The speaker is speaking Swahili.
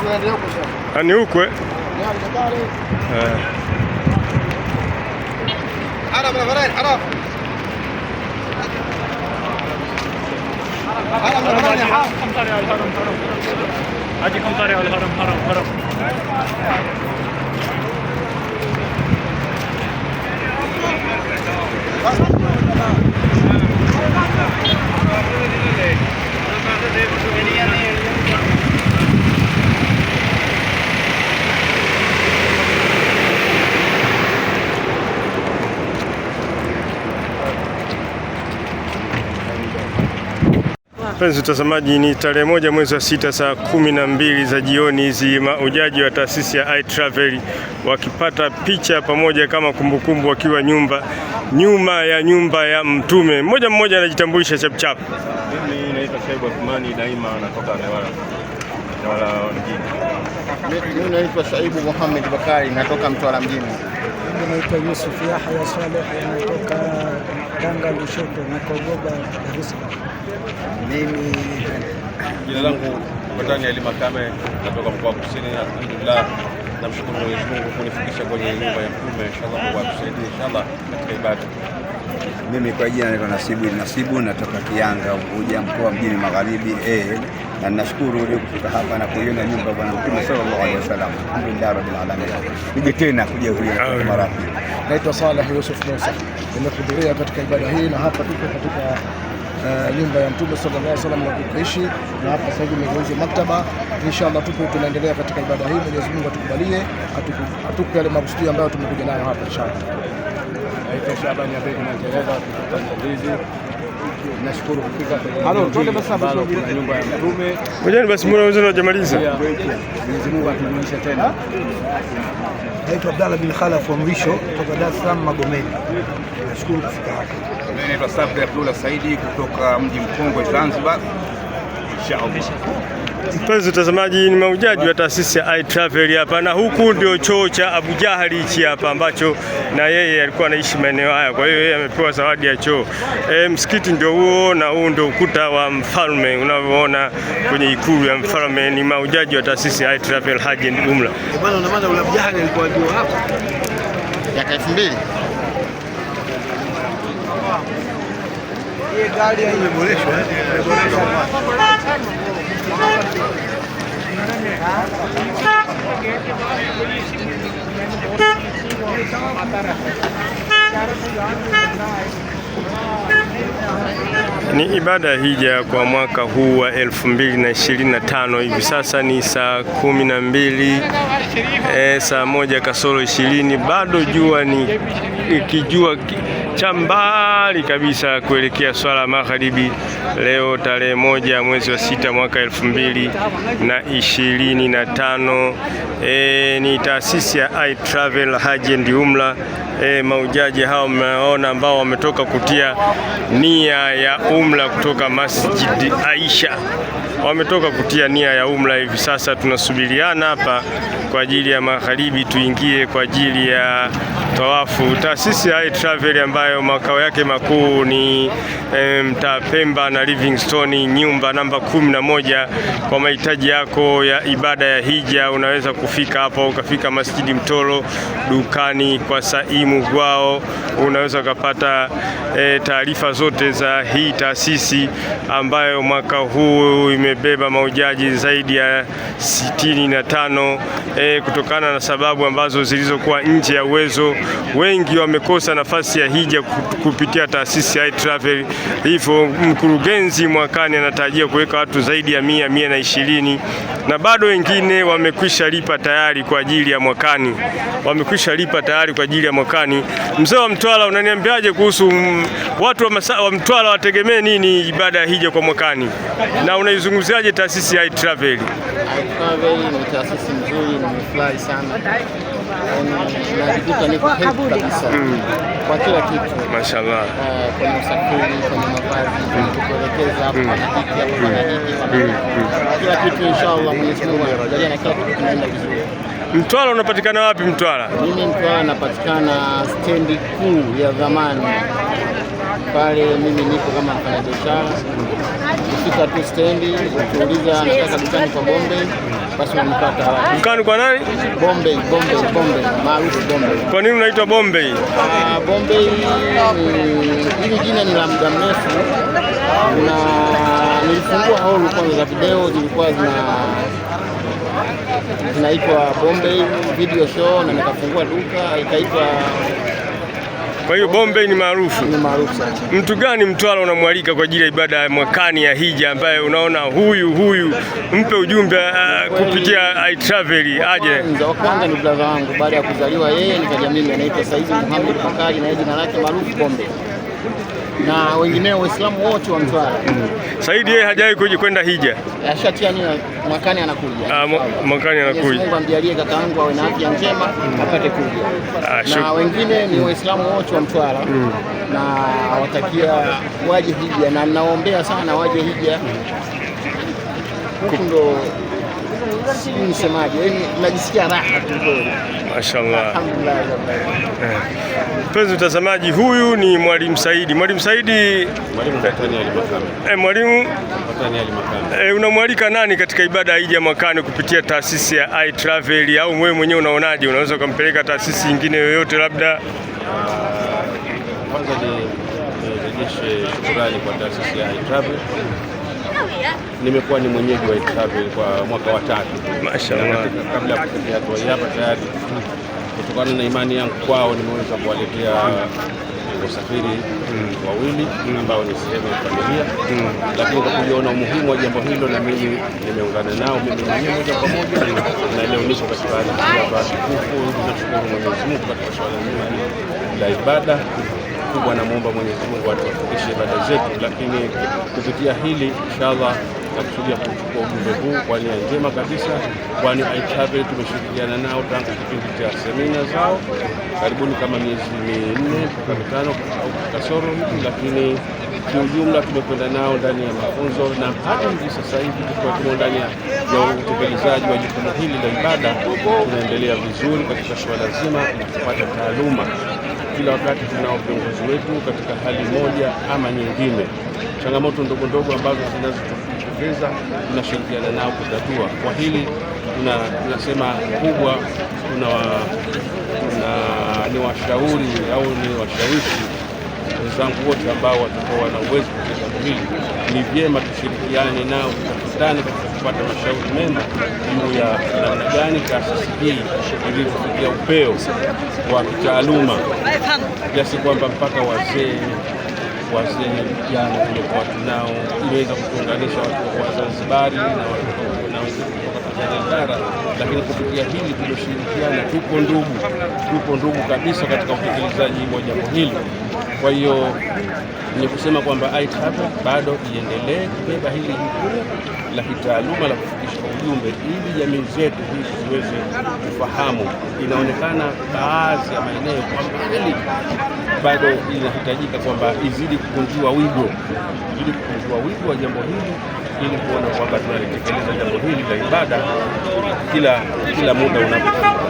tunaende huko sasa. Ni huko eh? Eh. Ana barabarani, ana. Ana barabarani, haram. Haji kamtari al haram haram haram. Mpenzi mtazamaji, ni tarehe moja mwezi wa sita saa kumi na mbili za jioni, hizi maujaji wa taasisi ya iTravel wakipata picha pamoja kama kumbukumbu, wakiwa nyumba nyuma ya nyumba ya Mtume. Mmoja mmoja anajitambulisha chapchap. Mimi naitwa Shaibu Athumani, daima natoka Newala, Newala mjini. Mimi naitwa Shaibu Bakari, natoka Mtwara mjini. Mimi naitwa Yusuf Yahya Saleh, natoka Tanga Lushoto na Kogoba Dar es Salaam. Mimi jina langu Katani Ali Makame natoka mkoa wa Kusini, alhamdulillah Namshukuru Mwenyezi Mungu kunifikisha kwenye nyumba ya Mtume, inshallah kwa kusaidia inshallah katika ibada. Mimi kwa jina naitwa Nasibu Nasibu, natoka Kianga Unguja, mkoa wa Mjini Magharibi eh, na nashukuru leo kufika hapa na kuiona nyumba bwana Mtume sallallahu alaihi wasallam, alhamdulillah rabbil alamin. Nije tena kuja kuja mara. Naitwa Saleh Yusuf Musa, nimehudhuria katika ibada hii na hapa tuko katika Eh, nyumba ya Mtume sallallahu alaihi wasallam na kuishi, na hapa sasa hivi imegeuzwa maktaba. Inshallah tupo tunaendelea katika ibada hii. Mwenyezi Mungu atukubalie, atupe yale makusudi ambayo tumekuja nayo hapa inshallah. Shabani Abedi na Jereza kutoka Nashukuru kufika kwenye nyumba ya Mtume. Ngojeni basi mbona wenzenu hawajamaliza? Mwenyezi Mungu atujulishe tena. Naitwa Abdalla bin Khalaf wa mwisho kutoka Dar es Salaam Magomeni. Nashukuru kufika hapa. Mimi naitwa Sabri Abdullah Saidi kutoka mji mkongwe Zanzibar. Mpenzi mtazamaji, ni maujaji wa taasisi ya I Travel hapa, na huku ndio choo cha Abu Jahali hichi hapa ambacho na yeye alikuwa anaishi maeneo haya, kwa hiyo yeye amepewa zawadi ya choo. E, msikiti ndio huo, na huu ndio ukuta wa mfalme unavyoona kwenye ikulu ya mfalme. Ni maujaji wa taasisi ya I Travel Haji and Umrah. ये गाड़ी आई gari imeboreshwa, ni ibada hija kwa mwaka huu wa 2025. Hivi sasa ni saa kumi na mbili e, saa moja kasoro ishirini. Bado jua ni ikijua cha mbali kabisa kuelekea swala magharibi, leo tarehe moja mwezi wa sita mwaka elfu mbili na ishirini na tano. E, ni taasisi ya I Travel Hajj and Umra. E, maujaji hao mmeona ambao wametoka kutia nia ya umra kutoka Masjid Aisha wametoka kutia nia ya umra. Hivi sasa tunasubiriana hapa kwa ajili ya magharibi, tuingie kwa ajili ya tawafu. Taasisi ya Travel ambayo makao yake makuu ni eh, mtaa Pemba na Livingstone, nyumba namba kumi na moja. Kwa mahitaji yako ya ibada ya hija, unaweza kufika hapa, ukafika Masjidi Mtoro, dukani kwa Saimu Gwao, unaweza ukapata e, taarifa zote za hii taasisi ambayo mwaka huu ime imebeba mahujaji zaidi ya sitini na tano e, kutokana na sababu ambazo zilizokuwa nje ya uwezo. Wengi wamekosa nafasi ya hija kupitia taasisi ya iTravel, hivyo mkurugenzi mwakani anatarajia kuweka watu zaidi ya mia mia na ishirini na bado wengine wamekwisha lipa tayari kwa ajili ya mwakani, wamekwisha lipa tayari kwa ajili ya mwakani. Mzee wa Mtwara, unaniambiaje kuhusu mm, watu wa, wa Mtwara wategemee nini ibada ya hija kwa mwakani na unaizungumza unaizungumziaje taasisi ya iTravel? iTravel ni taasisi nzuri, nimefurahi sana yaani, najikuta niko hepa kabisa hmm. kwa kila kitu mashallah, eh, kwenye usafiri, kwenye mavazi, hmm. kuelekeza hapa na hiki na kila kitu inshallah, Mwenyezi Mungu anakujalia na kila kitu kinaenda vizuri. Mtwara unapatikana wapi Mtwara? Mimi Mtwara napatikana stendi kuu ya zamani pale, mimi niko kama mfanyabiashara Ukifika tu stendi ukiuliza nataka dukani kwa Bombe basi unanipata haraka. Dukani kwa nani? Bombe, Bombe, Bombe, maarufu Bombe. Kwa nini unaitwa Bombe? Ah, Bombe hili jina ni la muda mrefu na nilifungua holu kwanza za video zilikuwa zina zinaitwa Bombe video show na nikafungua duka ikaitwa kwa hiyo Bombay ni maarufu, ni maarufu sana. Mtu gani Mtwara unamwalika kwa ajili ya ibada ya mwakani ya hija, ambaye unaona huyu huyu mpe ujumbe uh, kupitia I travel aje? Wa kwanza ni brother wangu, baada ya kuzaliwa yeye, mimi anaitwa saidi Muhammad Bakari na jina lake maarufu Bombay na wengineo Waislamu wote wa Mtwara. Saidi yeye hajawahi kuja kwenda hija. Ashatia nia mwakani anakuja. Ah, mwakani anakuja. Mungu amjalie kaka yangu awe na afya njema mm. apate kuja. Ah, na wengine ni mm. Waislamu wote wa Mtwara. Mm. Na watakia waje hija na naombea sana waje hija. Huko ndo nisemaje, eh, najisikia raha kidogo. Mashaallah, alhamdulillah. Eh, mpenzi mtazamaji, huyu ni Mwalimu Saidi. Mwalimu Saidi, mwalimu E, unamwalika nani katika ibada ya Eid mwakani kupitia taasisi ya I Travel, au wewe mwenyewe unaonaje, unaweza ukampeleka taasisi nyingine yoyote labda? Kwanza ni nirejeshe shukrani kwa taasisi ya I Travel nimekuwa ni mwenyeji wa Ithabi kwa mwaka wa tatu, mashallah. Kabla ya kufikia hatua hapa tayari, kutokana na imani yangu kwao, nimeweza kuwaletea wasafiri wawili ambao ni sehemu ya familia, lakini kwa kuliona umuhimu wa jambo hilo na mimi nimeungana nao mimi mwenyewe moja kwa moja, na leo niko katika hali ya tukufu, tunashukuru Mwenyezi Mungu katika swala zima la ibada kubwa, namwomba Mwenyezi Mungu atuwafikishe ibada zetu, lakini kupitia hili inshallah kusudia kuchukua ujumbe huu kwa nia njema kabisa, kwani Aithaville tumeshirikiana nao tangu kipindi cha semina zao karibuni kama miezi minne mpaka mitano kasoro hivi, lakini kiujumla tumekwenda nao ndani ya mafunzo na hata hivi sasa hivi tukiwa tumo ndani ya utekelezaji wa jukumu hili la ibada, tunaendelea vizuri katika suala zima la kupata taaluma kila wakati tunao viongozi wetu katika hali moja ama nyingine, changamoto ndogo ndogo ambazo zinazotokeza tunashirikiana nao kutatua. Kwa hili tunasema kubwa, tuna, tuna, ni washauri au ni washawishi wenzangu wote ambao watakuwa wana uwezo katika jambo hili, ni vyema tushirikiane nao tukakutana katika kupata mashauri mema juu ya gani taasisi hii ilivyofikia upeo wa kitaaluma kiasi kwamba mpaka wazee wazee vijana watu tunao imeweza kutuunganisha watu wa Zanzibari na watu na Kilimanjaro, lakini kupitia hili tulioshirikiana, tuko ndugu, tuko ndugu kabisa katika utekelezaji wa jambo hili. Kwa hiyo ni kusema kwamba AITATA bado iendelee kubeba hili jukumu la kitaaluma la kufikisha ujumbe ili jamii zetu hizi ziweze kufahamu. Inaonekana baadhi ya maeneo kwamba hali bado inahitajika kwamba izidi kukunjua wigo, izidi kukunjua wigo wa jambo hili ili kuona kwamba tunalitekeleza jambo hili la ibada kila, kila muda unapo